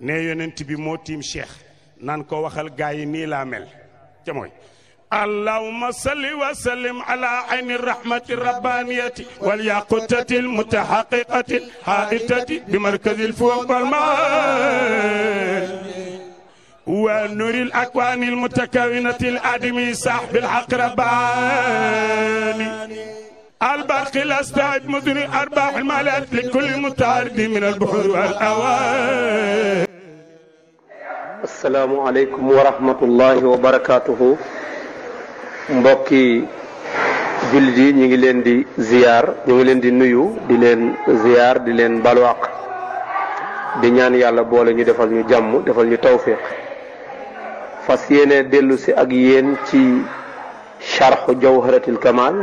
ne yonent bi moo tiim cheikh naan ko waxal gaa yi nii laa mel ca mooy allahuma salli wa sallim ala ayni rahmati rabbaniyati wal yaqutati al mutahaqiqati al haitati bi markazi al fuwam wal maa wa nuril akwani al mutakawinati al adimi sahbi al haq rabbani البرق الاستعد مدن ارباح المالات لكل متعرض من البحور والاوان السلام عليكم ورحمه الله وبركاته مبكي jullit yi ñu ngi leen di ziyaar ñu ngi leen di nuyu di leen ziyaar di leen balwaq di ñaan yàlla boole ñu defal ñu jàmm defal ñu tawfiq fas yéene dellu si ak yéen ci charxu jawharatil kamal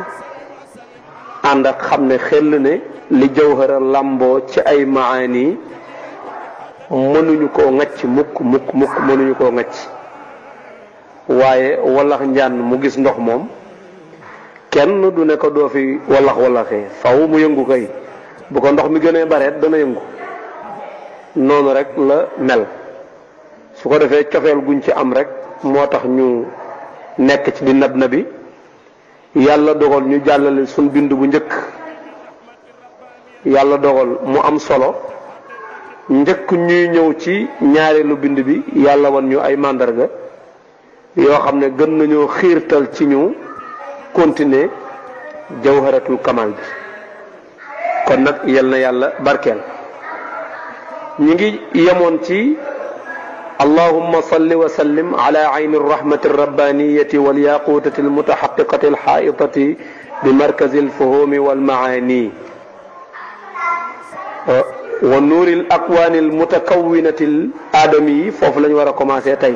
ànd xam ne xel ne li jawhara làmboo ci ay maani mënuñu koo ŋacc mukk mukk mukk mënuñu koo ŋacc waaye wallax njaan mu gis ndox moom kenn du ne ko doo fi wallax wallaxee faw mu yëngu kay bu ko ndox mi gënee bareet dana yëngu noonu rek la mel su ko defee cofeel guñ ci am rek moo tax ñu nekk ci di nab nabi yàlla dogal ñu jàllale suñ bind bu njëkk yàlla dogal mu am solo njëkk ñuy ñëw ci ñaareelu bind bi yàlla wan ñu ay màndarga yoo xam ne gën nañoo xiirtal ci ñu continuer jawharatul kamal bi kon nag yal na yàlla barkeel ñi ngi yemoon ci allahuma salli wa sallim ala ayni rahmati rabbaniyati walyaqutati almutaxaqiqati alxaitati bi markazi alfuhumi walmaani wa nuuri l akwaani almutakawinati l aadami yi foofu la ñu war a commencé tey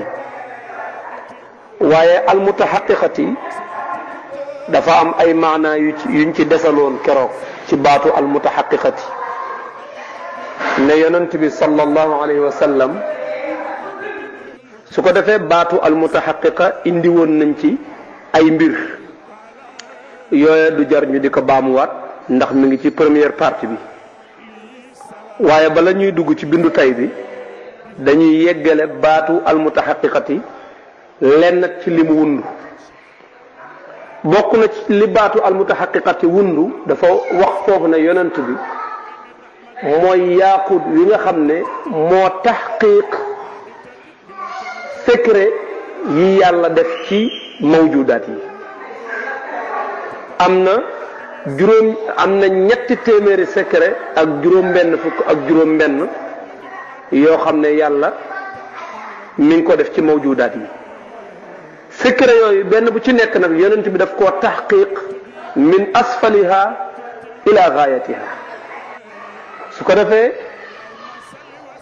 waaye almutaxaqiqati dafa am ay maanaa yu ci yuñ ci desaloon keroog ci baatu almutaxaqiqati ne yonent bi sallallahu alayhi wa sallam su ko defee baatu almutaxaqiqa indi woon nañ ci ay mbir yooya du jar ñu di ko baamuwaat ndax mu ngi ci première partie bi waaye bala ñuy dugg ci bindu tay bi dañuy yeggale baatu almutaxaqiqati lenn ci li mu wundu bokk na ci li baatu almutaxaqiqati wundu dafa wax foofu ne yonent bi mooy yaaqut wi nga xam ne moo taxqiq secret yi yàlla def ci mawjudaat yi am na juróom am na ñetti téeméeri secret ak juróom benn fukk ak juróom benn yoo xam ne yàlla mi ko def ci mawjudaat yi secret yooyu benn bu ci nekk nag yonent bi daf koo taxqiq min asfaliha ila gaayatiha su ko defee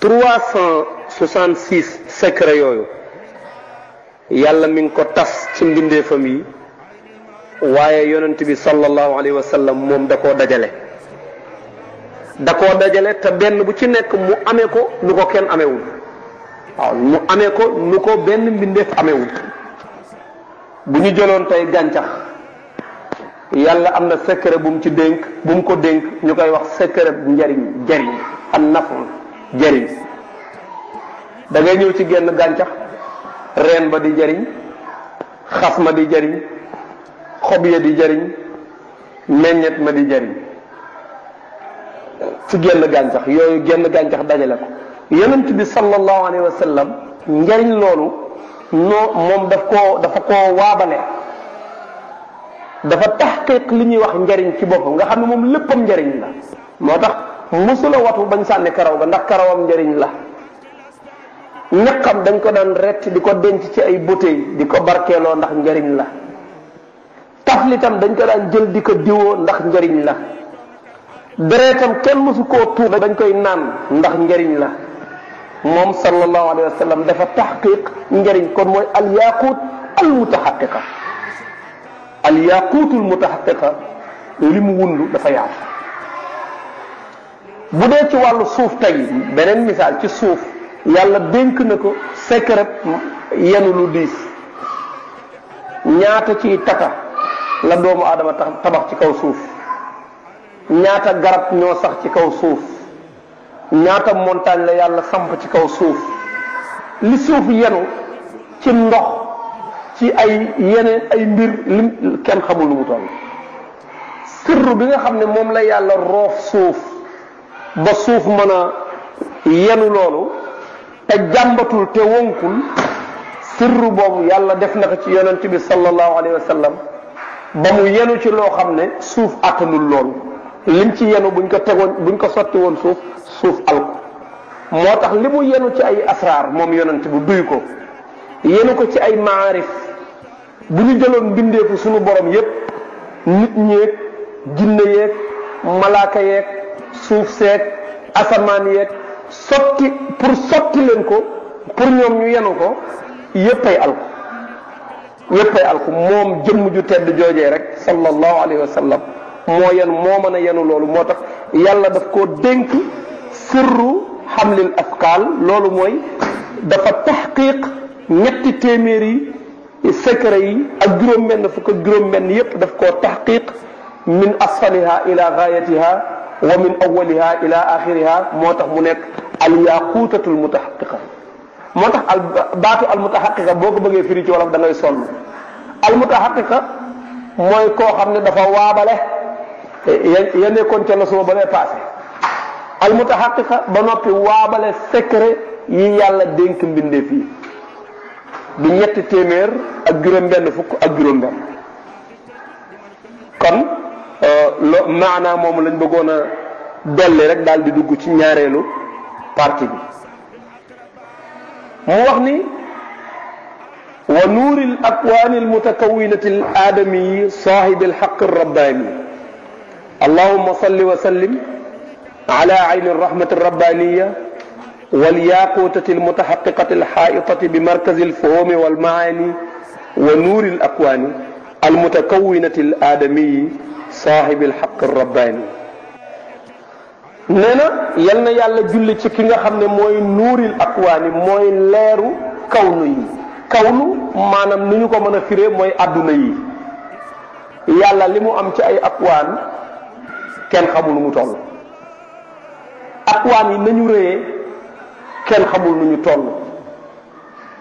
trois cent soixante six secret yooyu yàlla mi ngi ko tas ci mbindeefam yi waaye yonent bi sallallahu alayhi wa moom da koo dajale da koo dajale te benn bu ci nekk mu amee ko nu ko kenn amewul waaw mu amee ko nu ko benn mbindeef amewul bu ñu jëloon tey gàncax yàlla am na secret bu ci dénk bum ko dénk ñu koy wax secret bu njariñ jariñ am nafu jariñ da ñëw ci genn gàncax reen ba di jariñ xas ma di jariñ xob ya di jariñ meññet ma di jariñ ci genn gàncax yooyu genn gàncax dajale ko yonent bi sallallahu alayhi wa njariñ loolu noo moom daf koo dafa koo waabale dafa taxqiq li ñuy wax njariñ ci boppam nga xam ne moom léppam njariñ la moo tax musula watu bañ sànni karaw ba ndax karawam njariñ la ñaqam dañ ko daan rett di ko denc ci ay bouteille di ko barkeeloo ndax njariñ la taflitam dañ ko daan jël di ko diwoo ndax njariñ la deretam kenn mësu koo tuur dañ koy naan ndax njariñ la moom sallallahu alayhi wa dafa taxqiq njariñ kon mooy al yaqut al mutaxaqiqa al yaqutul mutaxaqiqa li mu wundu dafa yaatu bu dee ci wàllu suuf tey beneen misaal ci suuf yàlla dénk na ko secret yenu lu diis ñaata ciy tata la doomu aadama tax tabax ci kaw suuf ñaata garab ñoo sax ci kaw suuf ñaata montagne la yàlla samp ci kaw suuf li suuf yenu ci ndox ci ay yeneen ay mbir lim kenn xamul lu mu bi nga xam ne moom la yàlla roof suuf ba suuf mën a yenu loolu te jàmbatul te wonkul sirru boobu yàlla def na ko ci yonent bi sallallahu alayhi wa ba mu yenu ci loo xam ne suuf attanul loolu lim ci yenu buñ ko tegoon buñ ko sotti woon suuf suuf alko moo tax li mu yenu ci ay asraar moom yonent bu duy ko yenu ko ci ay maarif bu ñu jëloon mbindeefu suñu borom yépp nit ñeeg jinne yeeg malaaka yeeg suuf seeg asamaan yeeg sotti pour sotti ko pour ñoom ñu yenu ko yëppay alku yëppay alku moom jëmm ju tedd joojee rek sallallahu alayhi wa sallam moo yenu moo mën a yenu loolu moo tax yàlla daf koo dénk sirru xamlil afkaal loolu mooy dafa taxqiq ñetti téeméeri secret yi ak juróom-benn fukk ak juróom-benn daf ko taxqiq min asfaliha ila gaayatiha wa min awaliha ila axiriha moo tax mu nekk al yaquutatul mutahaqiqa moo tax al baatu al mutahaqiqa boo ko bëggee firi ci wolof da ngay sonn al mutahaqiqa mooy koo xam ne dafa waabale ya nekkoon ca la suma ba lay passé al mutahaqiqa ba noppi waabale secret yi yàlla dénk mbindeef yi du ñetti téeméer ak juróom-benn fukk ak juróom-benn kon euh, lo maanaa moomu lañ bëggoon a dolli rek daal di dugg ci ñaareelu. parti bi mu wax ni wa nuuri l akwaani al mutakawinati al aadamiyi saahibi al xaq rabbaani allahuma salli wa sallim ala ayni rahmati rabbaniya والياقوتة المتحققة الحائطة بمركز الفهوم والمعاني ونور الأكوان المتكونة الآدمي صاحب الحق الرباني nee na yal na yàlla julli ci ki nga xam ne mooy nuuril akwaani mooy leeru kawnu yi kawnu maanaam ni ñu ko mën a fire mooy àdduna yi yàlla li mu am ci ay waan kenn xamul mu toll waan yi nañu rëyee kenn xamul nu ñu toll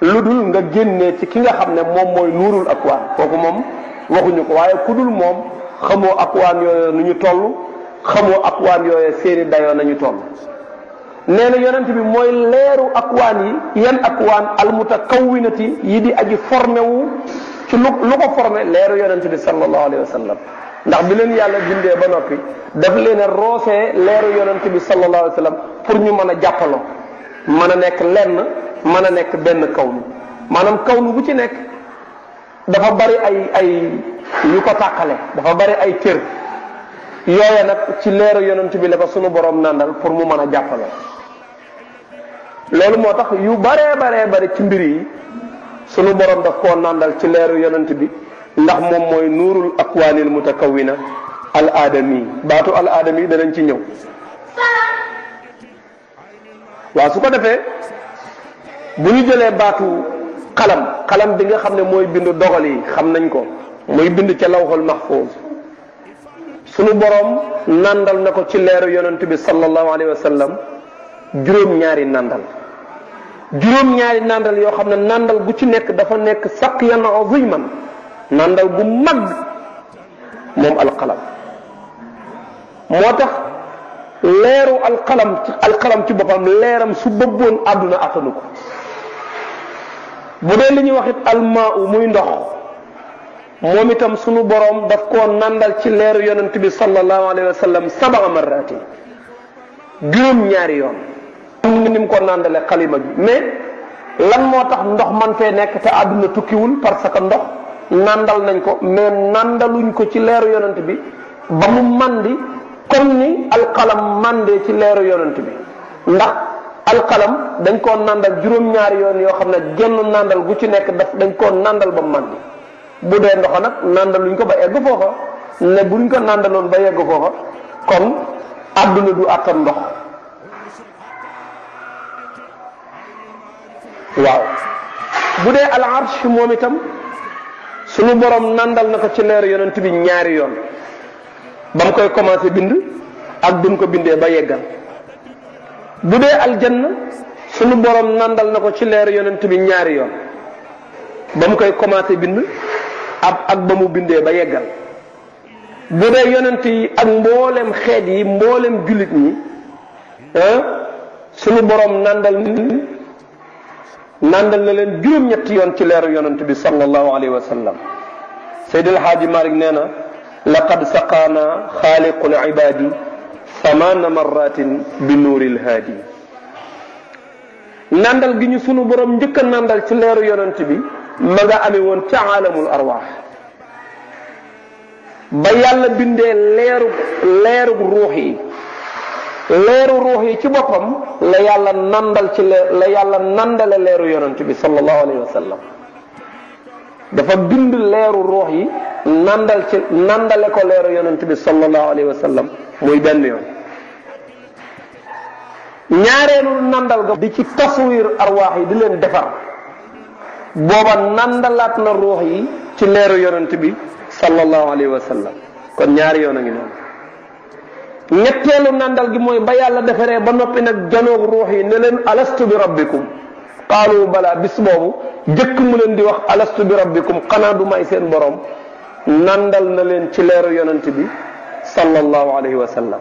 lu dul nga génnee ci ki nga xam ne moom mooy nuurul akwaan kooku moom waxuñu ko waaye ku dul moom xamoo akwaan yooyu nu ñu toll xamoo akwaan yooye seeni dayoo nañu toll nee na yonent bi mooy leeru akwaan yi yan akwaan almutakawwinati yi di aji formé wu ci lu lu ko formé leeru yonent bi sallallahu alayhi wa sallam ndax bi leen yàlla bindee ba noppi daf leen a roosee leeru yonent bi sallallahu alayhi wa pour ñu mën a jàppaloo mën a nekk lenn mën a nekk benn kawnu maanaam kawnu bu ci nekk dafa bari ay ay yu ko tàqale dafa bari ay cër yooya nag ci leeru yonant bi la ko sunu borom nandal pour mu mën a jàppale loolu moo tax yu bare baree bare ci mbir yi sunu borom daf koo nandal ci leeru yonant bi ndax moom mooy nuurul akwaanil mutakawwina al aadami baatu al aadami danañ ci ñëw waaw su ko defee bu ñu jëlee baatu xalam xalam bi nga xam ne mooy bind dogal yi xam nañ ko muy bind ca lawxul mahfuuz sunu boroom nàndal na ko ci leeru yonent bi sallallahu alayhi wa sallam juróom-ñaari nàndal juróom-ñaari nàndal yoo xam ne nàndal gu ci nekk dafa nekk saqyan aziman nàndal gu mag moom alqalam moo tax leeru alqalam ci alqalam ci boppam leeram su bëbboon àdduna atanu ko bu dee li ñuy wax it muy ndox moom itam suñu borom daf koo nandal ci leeru yonent bi sallallahu alayhi wa sallam sabaa marraati juróom ñaari yoon. am ni mu ko nandalee xalima bi mais lan moo tax ndox man fee nekk te àdduna tukkiwul parce que ndox nandal nañ ko mais nandaluñ ko ci leeru yonent bi ba mu mandi comme ni alqalam mandee ci leeru yonent bi ndax alqalam dañ koo nandal juróom ñaari yoon yoo xam ne genn nandal gu ci nekk daf dañ koo nandal ba mu mandi. bu dee ndox nag luñ ko ba egg foofa ne buñ ko nandaloon ba yegg foofa kon àdduna du àttan ndox waaw bu dee al moom itam suñu borom nandal na ko ci leer yonent bi ñaari yoon ba koy commencé bind ak bi ko bindee ba yeggal bu dee aljanna suñu borom nandal na ko ci leer yonent bi ñaari yoon ba mu koy commencé bind ak ba mu bindee ba yeggal bu dee yonent yi ak mboolem xeet yi mboolem jullit ñi ah, suñu borom nàndal na leen juróom-ñetti yoon ci leeru yonent bi sallallahu alayhi wa sallam Seydi El Hadji Malick nee na laqad saqaana xaaliqul ibaadi samaana marratin bi nuuril haadi nàndal gi ñu sunu borom njëkk a nàndal ci leeru yonent bi ma nga amee woon ca aalamul arwaax ba yàlla bindee leeru leeru yi leeru ruux yi ci boppam la yàlla nandal leer la yàlla nandale leeru yonent bi sallallahu alayhi wa sallam dafa bind leeru ruux yi nandal nandale ko leeru yonent bi sallallahu alayhi wa sallam muy benn yoon ñaareelu nandal ga di ci taswiir arwaax yi di leen defar booba nandalaat na ruux yi ci leeru yonent bi sallallahu alayhi wa sallam kon ñaari yoon a ngi noonu ñetteelu nandal gi mooy ba yàlla defaree ba noppi nag janoog ruux yi ne leen alastu bi rabbikum qaalu bis boobu jëkk mu leen di wax alastu bi rabbikum xanaa du may seen borom nandal na leen ci leeru yonent bi sallallahu alayhi wa sallam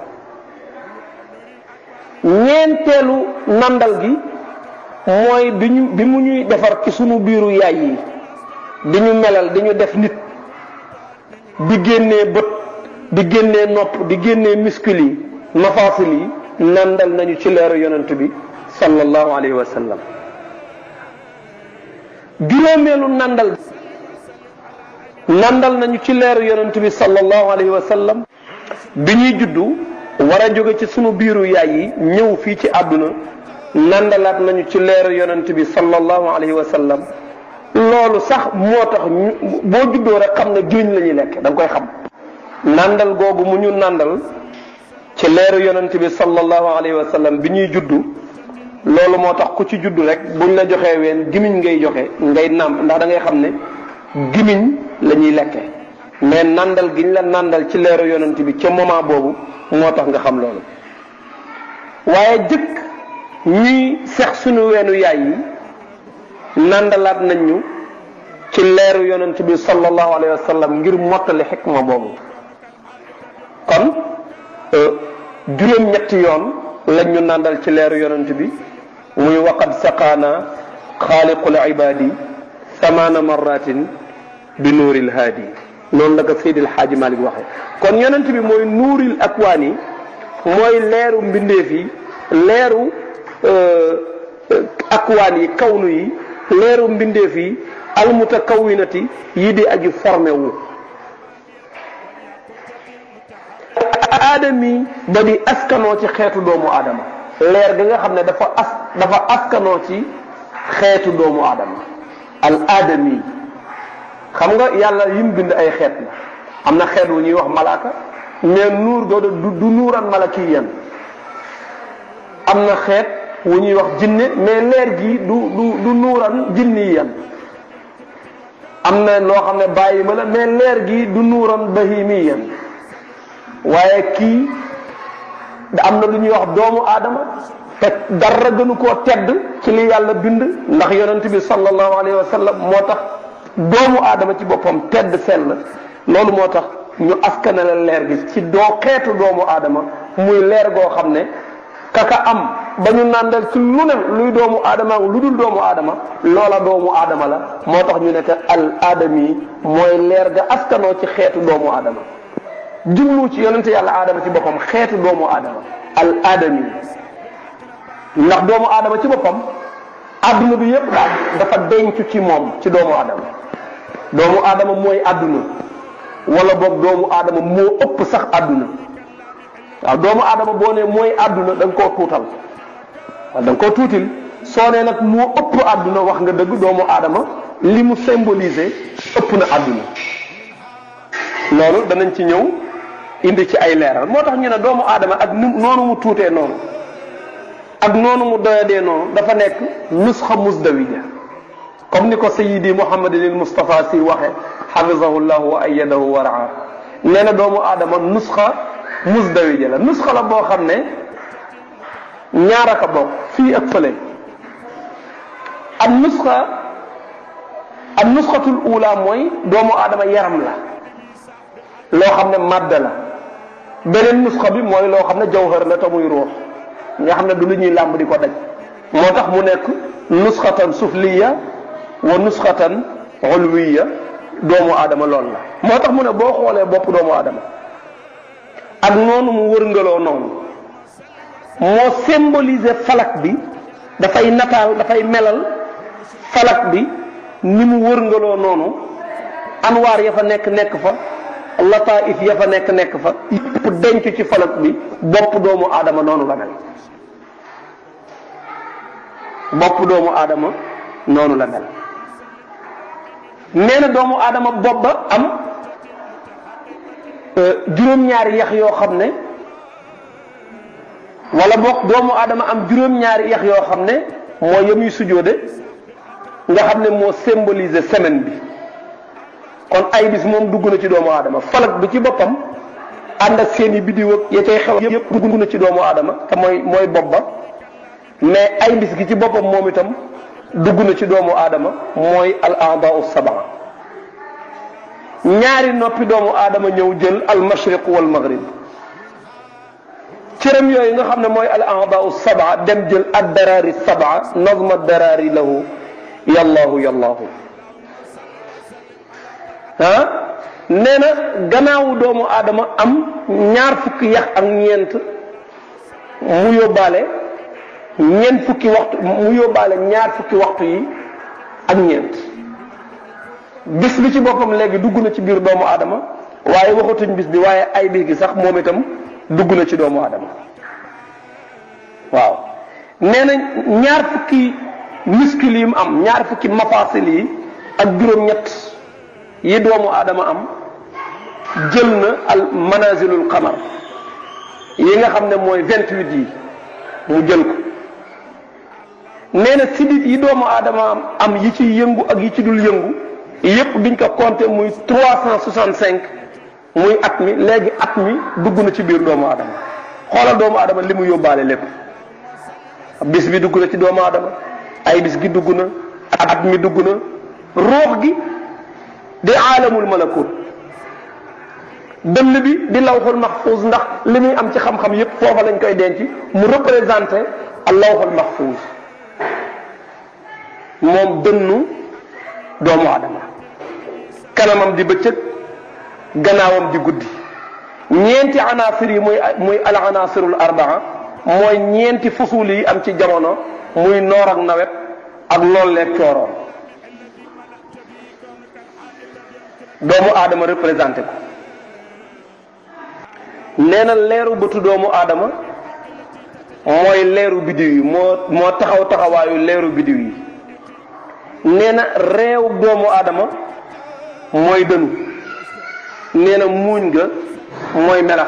ñeenteelu nandal gi mooy bi ñu bi mu ñuy defar ci sunu biiru yaay yi di ñu melal di ñu def nit di génnee bët di génne nopp di génne muscle yi mafaasil yi nandal nañu ci leeru yonent bi sallallahu alayhi wa sallam juróomeelu nandal nañu ci leeru yonent bi sallallahu alayhi wa sallam bi ñuy juddu war a jóge ci sunu biiru yaay yi ñëw fii ci àdduna nandalaat nañu ci leeru yonant bi sallallahu alayhi wa sallam loolu sax moo tax boo juddoo rek xam ne giriñ la ñuy lekk da koy xam nandal googu mu ñu nàndal ci leeru yonent bi sallallahu alayhi wa sallam bi ñuy juddu loolu moo tax ku ci juddu rek buñ la joxee ween gimiñ ngay joxe ngay nàmp ndax da ngay xam ne gimiñ la ñuy lekke mais nandal giñ la nàndal ci leeru yonent bi ci moment boobu moo tax nga xam loolu waaye jëkk ñuy sex sunu weenu yaay yi nandalaat nañ ñu ci leeru yonent bi sallallahu alayhi wa sallam ngir mottali xikma boobu kon euh, juróom-ñetti yoon lañ ñu nandal ci leeru yonent bi muy waqad saqaana xaaliqul ibaadi samaana marratin bi nuuril haadi noonu la ko Seydil Xaaji Malik waxee kon yonent bi mooy nuuril akwaani mooy leeru mbindeef yi leeru Euh, akwaan yi kawnu yi leeru mbindeef yi almutakawinati yi di aju formé wu aadami ba di askanoo ci xeetu doomu aadama leer gi nga xam ne dafa as askanoo ci xeetu doomu aadama al aadami xam nga yàlla yim bind ay xeet la am na xeet wu ñuy wax malaaka mais nuur doo du nuuran malakiyan am na xeet wu ñuy wax jinne mais leer gi du du du nuuran jinne am na loo xam ne bàyyi ma la mais leer gi du nuuran bahimi yan waaye kii da am na lu ñuy wax doomu aadama te dara gënu koo tedd ci li yàlla bind ndax yonent bi sallallahu alayhi wa sallam moo tax doomu aadama ci boppam tedd sell loolu moo tax ñu askanale leer gi ci doo xeetu doomu aadama muy leer goo xam ne kaka am ba ñu nàndal si lu ne luy doomu aadama lu dul doomu aadama loola doomu aadama la moo tax ñu ne que al aadami mooy leer ga askanoo ci xeetu doomu adama jublu ci yonente yàlla aadama ci boppam xeetu doomu aadama al aadami ndax doomu aadama ci boppam adduna bi yépp daal dafa dencu ci moom ci doomu aadama doomu aadama mooy adduna wala boog doomu aadama moo ëpp sax adduna waaw doomu aadama boo ne mooy adduna da nga koo tuutal wala da nga koo tuutil soo nee nag moo ëpp àdduna wax nga dëgg doomu aadama li mu symboliser ëpp na àdduna loolu danañ ci ñëw indi ci ay leeral moo tax ñu ne doomu aadama ak ni noonu mu tuutee noonu ak noonu mu doyadee noonu dafa nekk nusxa musdawiya comme ni ko sayidi Muhammadinil Mustafa si waxe xafisahullahu wa ayadahu wa raa nee doomu aadama nusxa musdawiya la nusxa la boo xam ne ñaar aka bokk fii ak fële am nusxa am nusxatul ula mooy doomu aadama yaram la loo xam ne màdd la beneen nusxa bi mooy loo xam ne jawhar la te muy ruux nga xam ne du lu ñuy làmb di ko daj moo tax mu nekk nusxatan sufliya wa nusxatan ulwiya doomu aadama lool la moo tax mu ne boo xoolee bopp doomu aadama ak noonu mu wërngaloo noonu moo symboliser falak bi dafay nataal dafay melal falak bi ni mu wërngaloo noonu anwaar ya fa nekk nekk fa lataif ya fa nekk nekk fa yëpp denc ci falak bi bopp doomu aadama noonu la mel bopp doomu aadama noonu la mel nee na doomu aadama bopp ba am euh, juróom-ñaari yax yoo xam ne wala boog doomu aadama am juróom-ñaari yax yoo xam ne mooy yem yu sujjóote nga xam ne moo symboliser semaine bi kon ay bis moom dugg na ci doomu aadama falak bi ci boppam ànd ak seen i biddiw ak ya cay xew yëpp dugg na ci doomu adama te mooy mooy bopp ba mais ay bis gi ci boppam moom itam dugg na ci doomu aadama mooy al a'daa'u sab'a ñaari noppi doomu aadama ñëw jël al mashriq wal maghrib cëram yooyu nga xam ne mooy al aadaau sabaa dem jël ad daraari sabaa nazma daraari lahu yallaahu yallaahu ah na gannaawu doomu aadama am ñaar fukki yax ak ñeent mu yóbbaale ñeent fukki waxtu mu yóbbaale ñaar fukki waxtu yi ak ñeent bis bi ci boppam léegi dugg na ci biir doomu aadama waaye waxatuñ bis bi waaye ay bis gi sax moom itam dugg na ci doomu aadama waaw nee na ñaar fukki miskil yi mu am ñaar fukki mafaasil yi ak juróom-ñett yi doomu aadama am jël na al manazilul qamar yi nga xam ne mooy vingt-huit yi mu jël ko nee na sidit yi doomu aadama am am yi ci yëngu ak yi ci dul yëngu yépp biñ ko compté muy trois cent soixante-cinq muy at mi léegi at mi dugg na ci biir doomu aadama xoolal doomu aadama li mu yóbbaale lépp bis bi dugg na ci doomu aadama ay bis gi dugg na at mi dugg na ruux gi di aalamul malakut dënn bi di lawxul maxfuus ndax li muy am ci xam-xam yépp foofa lañ koy denc mu représenté al lawxul maxfuus moom dënnu doomu aadama kanamam di bëccëg gannaawam di guddi ñeenti anaasir yi muy muy al anaasirul mooy ñeenti fusul yi am ci jamono muy noor ak nawet ak lool leeg cooroon doomu aadama représenté ko nee leeru bëtu doomu aadama mooy leeru biddiw yi moo moo taxaw taxawaayu leeru biddiw yi nee na doomu aadama mooy dënu neena muuñ ga mooy melax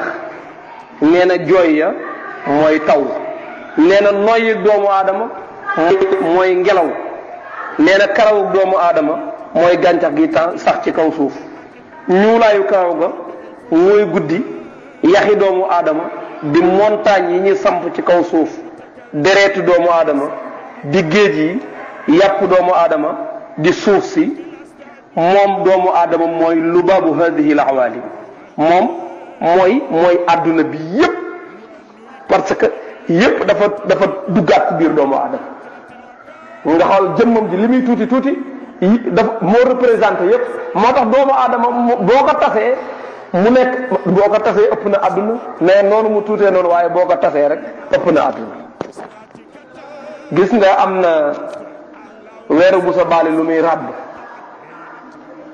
nee na jooy ya mooy taw nee na doomu aadama mooy ngelaw nee na doomu aadama mooy gàncax gi sax ci kaw suuf ñuulaayu karaw ga mooy guddi yaxi doomu aadama di montagne yi ñu samp ci kaw suuf deretu doomu aadama di géej yi yàpp doomu aadama di suuf si moom doomu aadama mooy lubaabu hadihi lahwalim moom mooy mooy àdduna bi yëpp parce que yëpp dafa dafa duggaat ci biir doomu aadama nga xool jëmmam ji li muy tuuti tuuti dafa moo représenté yëpp moo tax doomu aadama boo ko tasee mu nekk boo ko tasee ëpp na àdduna mais noonu mu tuutee noonu waaye boo ko tasee rek ëpp na àdduna gis nga am na weeru bu sa baali lu muy ràbb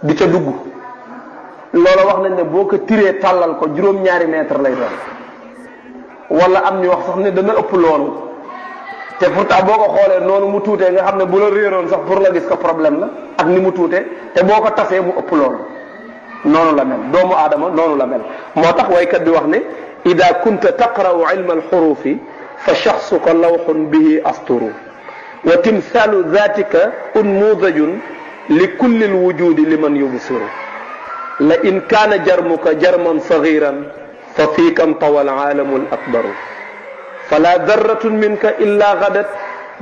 di ca dugg loola wax nañ ne boo ko tiree tàllal ko juróom-ñaari mètre lay doon wala am ñu wax sax ne dana ëpp loolu te pourtant boo ko xoolee noonu mu tuutee nga xam ne bu la réeroon sax pour nga gis ko problème la ak ni mu tuutee te boo ko tasee mu ëpp loolu noonu la mel doomu aadama noonu la mel moo tax waykat bi wax ne ida kunta taqra'u ilma alxurufi fa shaxsuka lawxun bihi asturu wa timthaalu daatika unmudajun li kullil wujudi liman yubsiru la in kaana jarmuka jarman sagiran fa fiikam tawa alaalamu al akbaru fala darratun minka illa gadat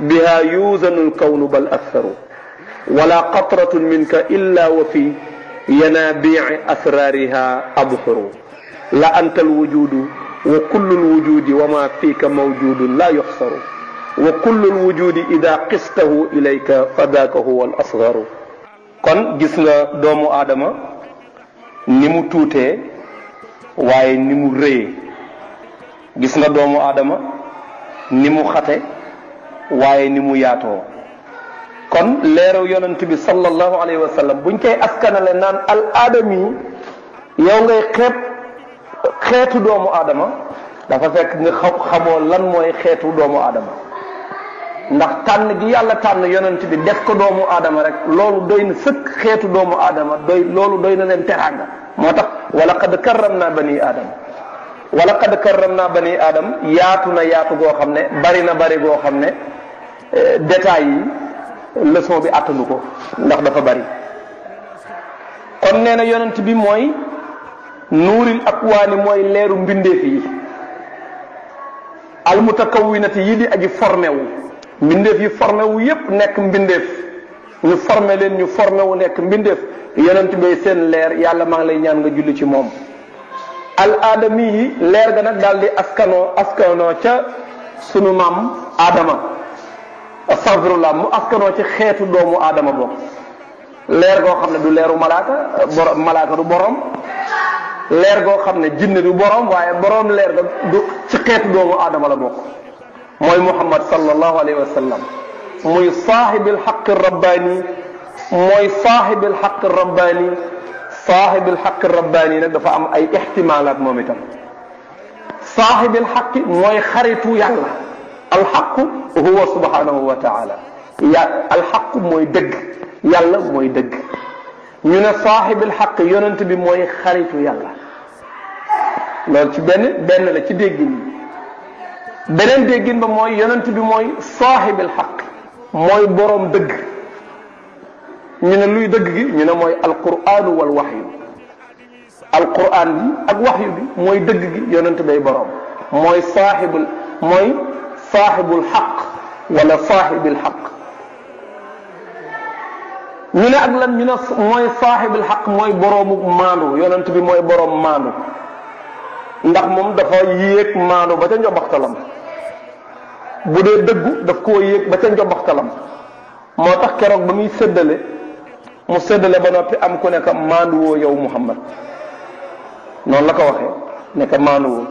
biha yuuzanu alkawnu bal aktharu wala qatratun minka illa wa fi yanaabici asraariha abxuru la anta alwujudu wa kullu alwujudi wa ma fiika mawjudun la yuxsaru wa kullu alwujudi ida qistahu ilayka fa daaka huwa al asgaru kon gis nga doomu aadama ni mu tuutee waaye ni mu rëyee gis nga doomu aadama ni mu xate waaye ni mu yaatoo kon leeru yonent bi sallallahu alayhi buñ koy askanale naan al aadami yow ngay xeetu doomu aadama dafa fekk nga xamoo lan mooy xeetu doomu aadama ndax tànn gi yàlla tànn yonent bi def ko doomu aadama rek loolu doy na sëkk xeetu doomu aadama doy loolu doy na leen teraanga moo tax wala qad karram naa bani aadama wala qad karram naa bani aadama yaatu na yaatu goo xam ne bari na bari goo xam ne eh, détails yi leson bi attanu ko ndax dafa bari kon nee na yonent bi mooy nuuril akwaani mooy leeru mbindeef yi almutakawinati yi di aji formé wu mbindeef yi formé wu yépp nekk mbindeef ñu formé leen ñu formé wu nekk mbindeef yonent ba seen leer yàlla maa ngi lay ñaan nga julli ci moom al aadami yi leer ga nag daal di askanoo askanoo ca sunu maam aadama astaghfirullah mu askanoo ci xeetu doomu aadama boo leer goo xam ne du leeru malaaka borom malaaka du borom leer goo xam ne jinne du borom waaye borom leer ga du ci xeetu doomu aadama la bokk mooy muhammad sallallahu alayhi wa sallam muy saaxibil xaqi rabbaani mooy saaxibil xaqi rabbaani saaxibil xaqi rabbaani nag dafa am ay ixtimaalaat moom itam saaxibil xaqi mooy xaritu yàlla alxaqu huwa subhanahu wa taala ya alxaqu mooy dëgg yàlla mooy dëgg ñu ne saaxibil xaq yonent bi mooy xaritu yàlla loolu ci benn benn la ci dégg nii beneen déggin ba mooy yonent bi mooy saaxibil xaq mooy boroom dëgg ñu ne luy dëgg gi ñu ne mooy alquraanu wal waxyu alquraan bi ak waxyu bi mooy dëgg gi yonent bay boroom mooy saaxibul mooy saaxibul xaq wala saaxibil xaq ñu ak lan ñu ne mooy saaxibil xaq mooy borom maandu yonent bi mooy boroom maandu ndax moom dafa yéeg maandu ba ca njobaxtalam bu dee dëggu daf koo yéeg ba ca njombaxtalam moo tax keroog ba muy seddale mu séddale ba noppi am ku nekk maandu woo yow Muhammad noonu la ko waxee ne ko maandu woo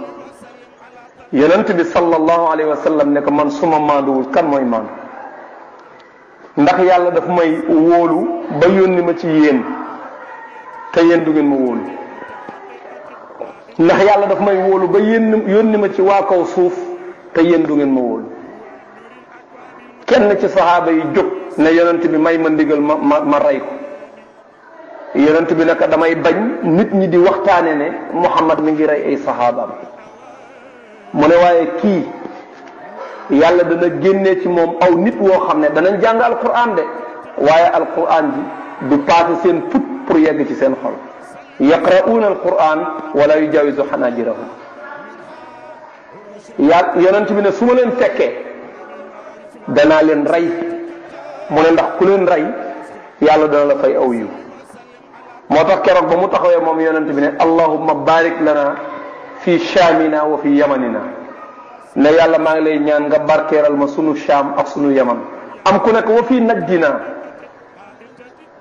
yonent bi sallallahu alayhi man suma maanduwul kan mooy maandu ndax yàlla daf may wóolu ba yónni ma ci yéen te yéen du ngeen ma wóolu ndax yàlla daf may wóolu ba yéen yónni ma ci waa kaw suuf te yéen du ngeen ma wóolu kenn ci saxaaba yi jóg ne yonent bi may ma ndigal ma ma ma rey ko yonent bi naka damay bañ nit ñi di waxtaane ne Muhammad mi ngi rey ay saxaabaam mu ne waaye kii yàlla dana génne ci moom aw nit woo xam ne danañ jàng alquran de waaye alquran ji du paase seen put pour yegg ci seen xol yaqra'uuna alquran wala yujawizu xanaajirahum yaa yonent bi ne su ma leen fekkee danaa leen rey mu ne ndax ku leen rey yàlla dana la fay aw yiw moo tax keroog ba mu taxawee moom yonent bi ne allahumma barik lana fi shaamina wa fi yamanina ne yàlla maa ngi lay ñaan nga barkeeral ma sunu shaam ak sunu yaman am ku nekk wa fi najdina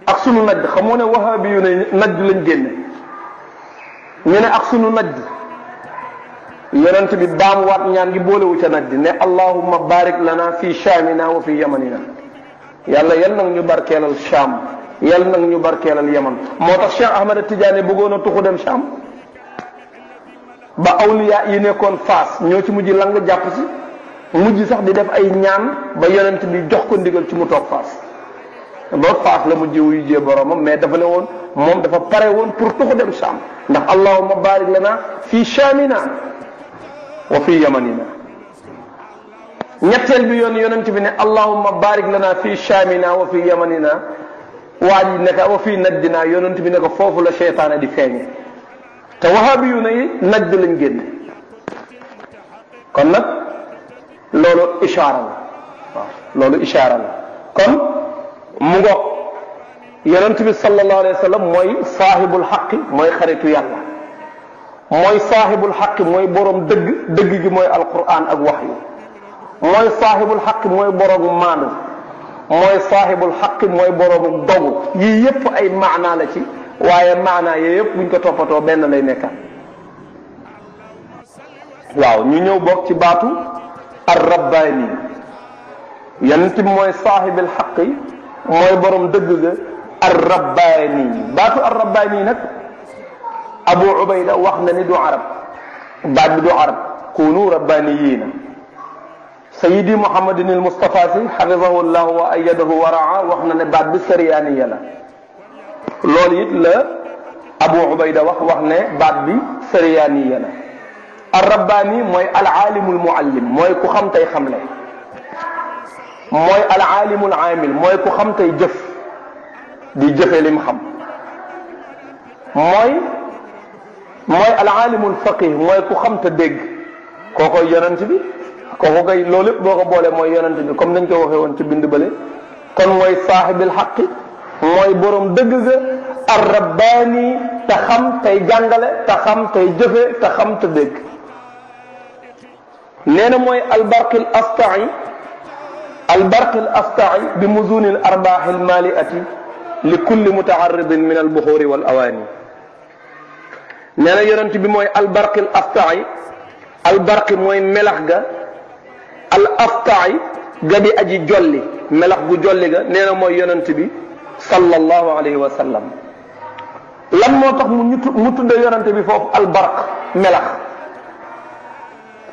ak sunu najd xamoo ne wahabi yu ne najd lañ génne ñu ne ak sunu najd yonent bi baamuwaat ñaan gi boolewu ca nag di ne allahumma barik lana fi shaamina wa fi yamanina yàlla yal na ñu barkeelal shaam yal nag ñu barkeelal yaman moo tax Cheikh Ahmed Tidiane bëggoon a tuxu dem shaam ba awliya yi nekkoon faas ñoo ci mujj lang jàpp si mujj sax di def ay ñaan ba yonent bi jox ko ndigal ci mu toog faas ba faas la mujj wuyu jee boromam mais dafa ne woon moom dafa pare woon pour tuxu dem shaam ndax allahumma barik lana wa fi yamanina ñetteel bi yoon yonent bi ne allahumma barik lana fi shaamina wa fi yamanina waaj ne ko wa fi najdina yonent bi ne ko foofu la seytaane di feeñe te wahabi yu ne yi najd lañ génne kon nag loolu ishaara la waaw loolu ishaara la kon mu ngoog yonent bi sallallahu alayhi wa sallam mooy saahibul xaqi mooy xaritu yàlla mooy saaxibul xaq mooy borom dëgg dëgg gi mooy alquran ak wax yu mooy saaxibul xaq mooy borom maandu mooy saaxibul xaq mooy borom dogu yii yépp ay maanaa la ci waaye maanaa yooyu yépp buñ ko toppatoo benn lay nekkaat waaw ñu ñëw bokk ci baatu ar rabbaani yonent bi mooy saaxibil xaq mooy borom dëgg ga ar rabbaani baatu ar nag. abu ubayda wax na ni du arab baat bi du arab kunu rabbaniyina sayidi muhammadin il mustapha si xafidahu llahu wa ayadahu wa raa wax na ne baat bi sariyaaniya la loolu it la abu ubayda wax wax ne baat bi sariyaaniya la ar rabbaani mooy alaalimul muallim mooy ku xam tey xamle mooy alaalimul aamil mooy ku xam tey jëf di jëfe lim xam mooy mooy alaalimul faqih mooy ku xam te dégg kookoy yonent bi kooku koy loolu yëpp boo ko boolee mooy yonent bi comme nañ ko waxee woon ci bind bële kon mooy saaxibil xaqi mooy borom dëgg ga ar rabbaani te xam tey jàngale te xam tey jëfe te xam te dégg nee na mooy albarqil astai albarqil astai bi muzunil arbaaxil maaliati li kulli mutaaridin min albuxuuri wal awaani nee na yonent bi mooy albarqil aftaay albarqi mooy melax ga al aftaay ga di aji jolli melax gu jolli ga neena mooy yonent bi sallallahu alayhi wa sallam lan moo tax mu ñu mu bi foofu albarq melax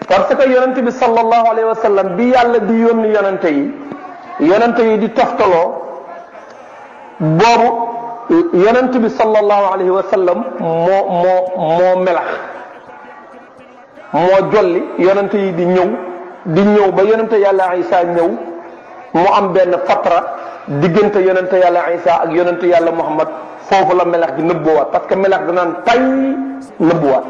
parce ko yonent bi sallallahu alayhi wa bi yàlla di yónni yonent yi yonent yi di toftaloo boobu yonent bi sallallahu alayhi wa sallam moo moo moo moo jolli yonent yi di ñëw di ñëw ba yonent yàlla isa ñëw mu am benn fatra diggante yonent yàlla isa ak yonent yàlla muhammad foofu la melax gi nëbbuwaat parce que melax danaan tay nëbbuwaat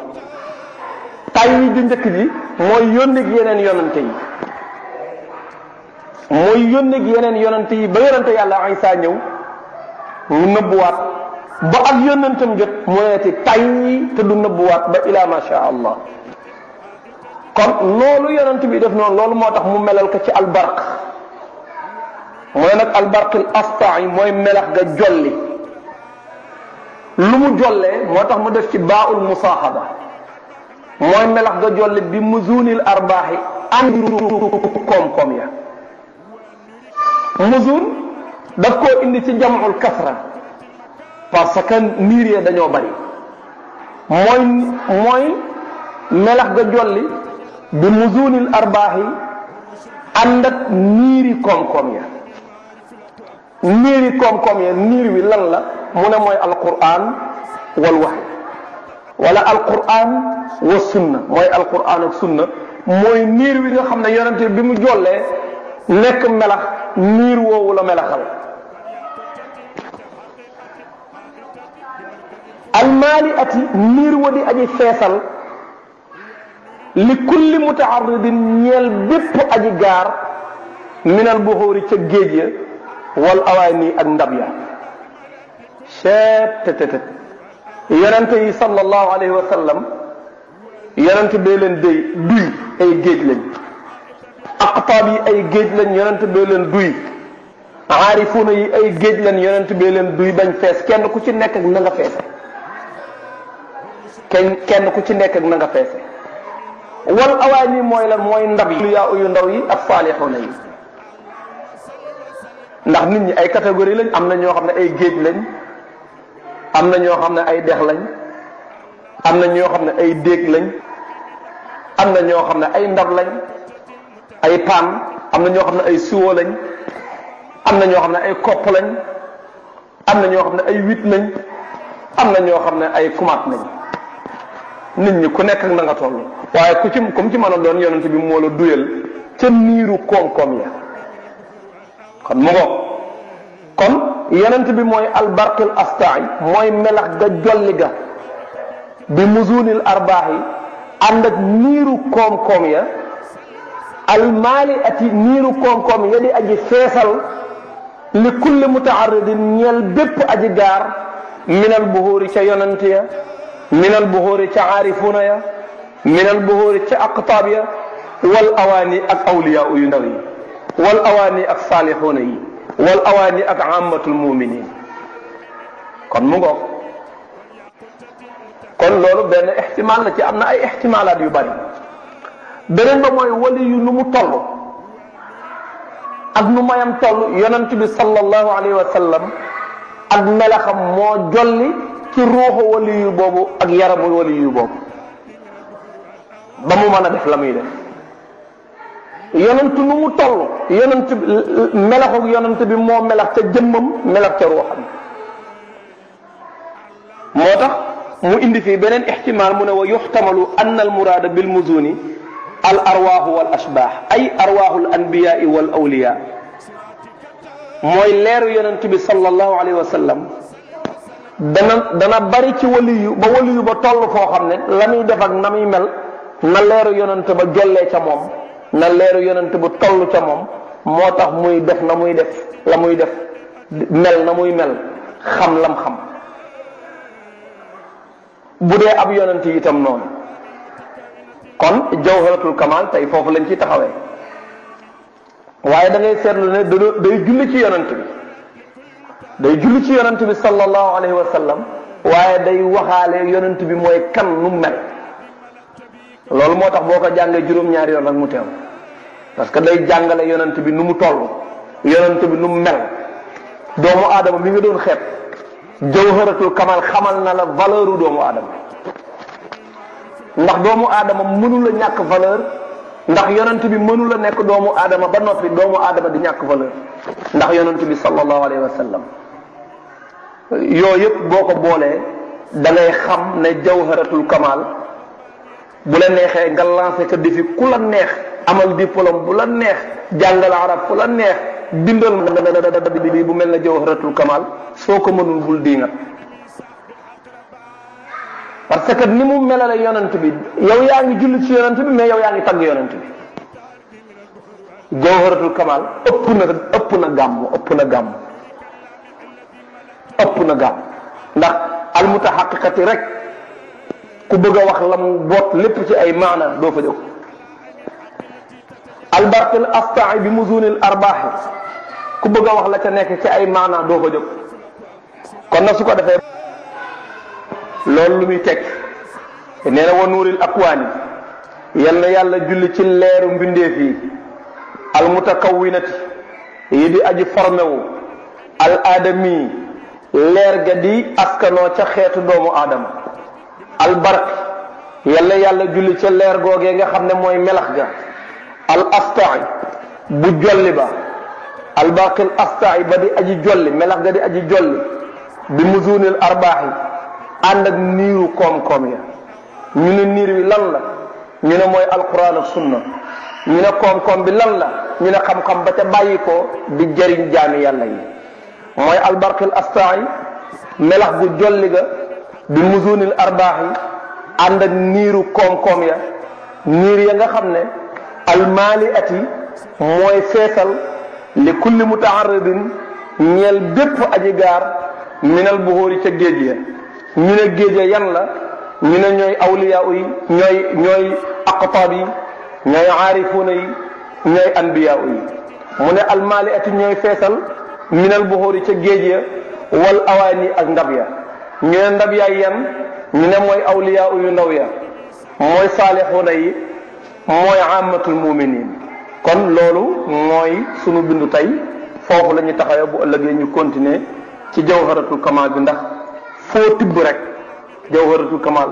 tay di njëkk ji mooy yónneeg yeneen yonent yi mooy yónneeg yeneen yonent yi ba yonent yàlla isa ñëw mu nëbbuwaat ba ak yónnantam jot mu neeti tayyi te du nëbbuwaat ba ilaa macha allah kon loolu yonent bi def noonu loolu moo tax mu melal ko ci albarq mu nag albarq al yi mooy melax ga jolli lu mu jollee moo tax mu def ci baaul musaaxaba mooy melax ga jolli bi muzuunil arbaaxi andi koom-koom ya muzuun daf koo indi ci jamul kasra parce que niir ya dañoo bari mooy melax ga jolli bi muzunil arbaax yi ànd ak niiri koom-koom ya niir wi lan la mu ne mooy alquran wal waxi wala alquran wa sunna mooy alquran ak sunna mooy niir wi nga xam ne yonente bi mu jollee nekk melax niir woowu la melaxal almaali ati niir wa di aji feesal li kulli mutaaridin ñeel bépp aji gaar minal buxóori ca géej ya wal awaay nii ak ndab ya seet te te yonente yi sallallahu alayhi wa sallam yonente leen day duy ay géej lañ ay géej lañ yonente leen duy aarifuuna yi ay géej lañ yonente bee leen duy bañ fees kenn ku ci nekk ak na nga kenn kenn ku ci nekk ak na nga peese wal awaani mooy la mooy ndab yi. yaa yu ndaw yi ak faalixuuna yi ndax nit ñi ay catégorie lañ am na ñoo xam ne ay géej lañ am na ñoo xam ne ay dex lañ am na ñoo xam ne ay déeg lañ am na ñoo xam ne ay ndab lañ ay paan am na ñoo xam ne ay siwo lañ am na ñoo xam ne ay kopp lañ am na ñoo xam ne ay wit lañ am na ñoo xam ne ay kumaat lañ nit ñi ku nekk ak na nga toll waaye ku ci comme ci mën a doon yonent bi moo la duyal ca niiru koom-koom ya kon mu ngo kon yonent bi mooy albarqil astaay mooy melax ga jolli ga bi muzuunil arbaax yi ànd ak niiru koom-koom ya almaali ati niiru koom-koom ya di aji feesal li kulli mutaaridin ñeel bépp aji gaar minal buhuuri ca yonent ya minal buxóori ca aarifuuna ya minal buxóori ak awliyaa yu ndaw yi wal awaani ak saalixuuna yi wal ak ammatul mu ngoog kon la ci am na ay ixtimaalaat yu bari beneen ba mooy wali yu nu mu toll ak nu mayam toll bi sallallahu alayhi wa sallam ak melaxam moo jolli ci ruuxu waliyu boobu ak yaramu waliyu boobu ba mu def la muy def yonent nu mu toll yonent melaxu yonent bi moo melax ca jëmmam melax ca ruuxam moo tax mu indi fii beneen ixtimaal mu ne wa yuxtamalu ann al muraada bil muzuni al arwaaxu ay arwaaxul anbiyaai wal awliyaa mooy leeru yonent bi sallallahu alayhi wa dana dana bari ci waliyu ba waliyu ba toll foo xam ne la muy def ak na muy mel na leeru yonent ba jollee ca moom na leeru yonent ba toll ca moom moo tax muy def na muy def la muy def mel na muy mel xam lam xam bu dee ab yonent itam noonu kon jow jawharatul kamal tey foofu lañ ci taxawee waaye da seetlu ne da day julli ci yonent bi day julli ci yonent bi sallallahu alayhi wa sallam waaye day waxaale yonent bi mooy kan nu mel loolu moo tax boo ko jàngee juróom-ñaari yoon rek mu teew parce que day jàngale yonant bi nu mu toll yonent bi nu mu mel doomu aadama mi nga doon xeeb jawharatul kamal xamal na la valeur doomu aadama ndax doomu aadama mënu la ñàkk valeur ndax yonent bi mënu nekk doomu aadama ba noppi doomu aadama di ñàkk valeur ndax yonent bi sallallahu alayhi wa sallam yooyu yëpp boo ko boolee da xam ne jawharatul kamal bu la neexee nga lancé ko defi ku la neex amal diplôme bu la neex jàngal arab ku la neex bindal bi bu mel na ne jawharatul kamal soo ko mënul bul di nga parce que ni mu melale yonent bi yow yaa ngi julli ci yonent bi mais yow yaa ngi tagg yonent bi jawharatul kamal ëpp na ëpp na gàmm ëpp na gàmm ëpp na gaaw ndax almutaxaqiqati rek ku bëgg a wax la mu boot lépp ci ay maana doo fa jóg albartil astai bi muzunil arbaaxi ku bëgg a wax la ca nekk ci ay maana doo fa jóg kon na su ko defee loolu lu muy teg nee na wa nuuril akwaani yal na yàlla julli ci leeru mbindeef yi almutakawinati yi di aji formé wu al aadami leer ga di askanoo ca xeetu doomu aadama albark yàlla yàlla julli ca leer googee nga xam ne mooy melax ga al astaay bu jolli ba albarkil astaay ba di aji jolli melax ga di aji jolli bi musunil arbaax yi ànd ak niiru koom-koom ya ñu ne niir wi lan la ñu ne mooy alquran ak sunna ñu ne koom-koom bi lan la ñu ne xam-xam ba ca bàyyi ko di jëriñ jaami yàlla yi mooy albarqil astaa yi melax gu jolli ga bi musunil arbaax yi ànd ak niiru koom-koom ya niir ya nga xam ne almaali at yi mooy feesal li kulli mutaaridin ñeel bépp aji gaar minal buxóori ca géej ya ñu ne géej ya yan la ñu ne ñooy awliya yi ñooy aqtaab yi ñooy aarifuuna yi mu ne almaali ñooy feesal minal buxóori ca géej ya wal awaani ak ndab ya ñu ne ndab yaay yan ñu ne mooy awliyaa yu ndaw ya mooy saalixuuna yi mooy amatul muminin kon loolu mooy sunu bindu tey foofu lañuy ñu taxawee bu ëllëgee ñu continuer ci jawharatul kamal bi ndax foo tibb rek jawharatul kamal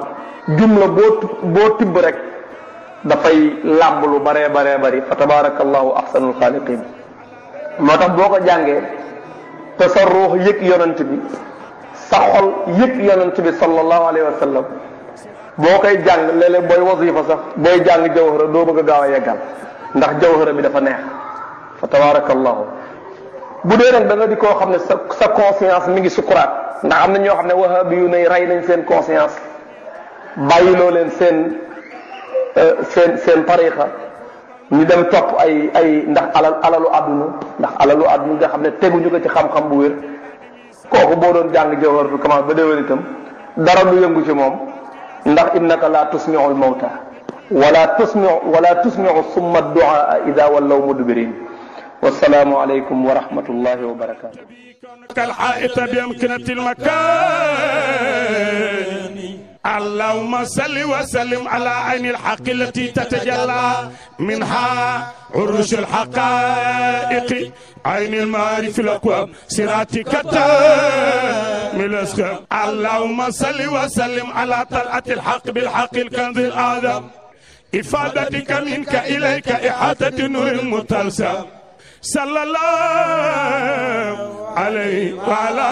jumla boo boo tibb rek dafay làmb lu baree bare bari fa tabaarakallahu ahsanul xaaliqin moo tax boo ko jàngee te sa ruux yëg yonent bi sa xol yëg yonent bi sallallahu alayhi wa sallam boo koy jàng léeg-léeg booy wasifa sax booy jàng jawhara doo bëgg a gaaw a yeggal ndax jawhara bi dafa neex fa tabaarakallahu bu dee nag da di koo xam ne sa sa conscience mi ngi sukuraat ndax am na ñoo xam ne wahabi yu nay rey leen seen conscience bàyyiloo leen seen euh, seen seen tariqa ñu dem topp ay ay ndax alal alalu àdduna ndax alalu àdduna nga xam ne teguñu ko ci xam-xam bu wér kooku boo doon jàng jawharatul kamal ba déwén itam dara lu yëngu ci moom ndax innaka laa tusmiu al mawta wala tusmiu wala tusmiu summa duaa ida wallaw mudbirin والسلام عليكم ورحمة الله وبركاته كالحائط بأمكنة المكان اللهم صل وسلم على عين الحق التي تتجلى منها عروش الحقائق عين المعارف الاقوام صراطك من الاسخام اللهم صل وسلم على طلعه الحق بالحق الكنز الاعظم افادتك منك اليك احاطه نور متلسم صلى الله عليه وعلى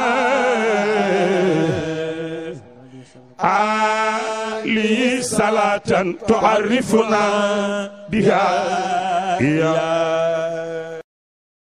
لي صلاة تعرفنا بها يا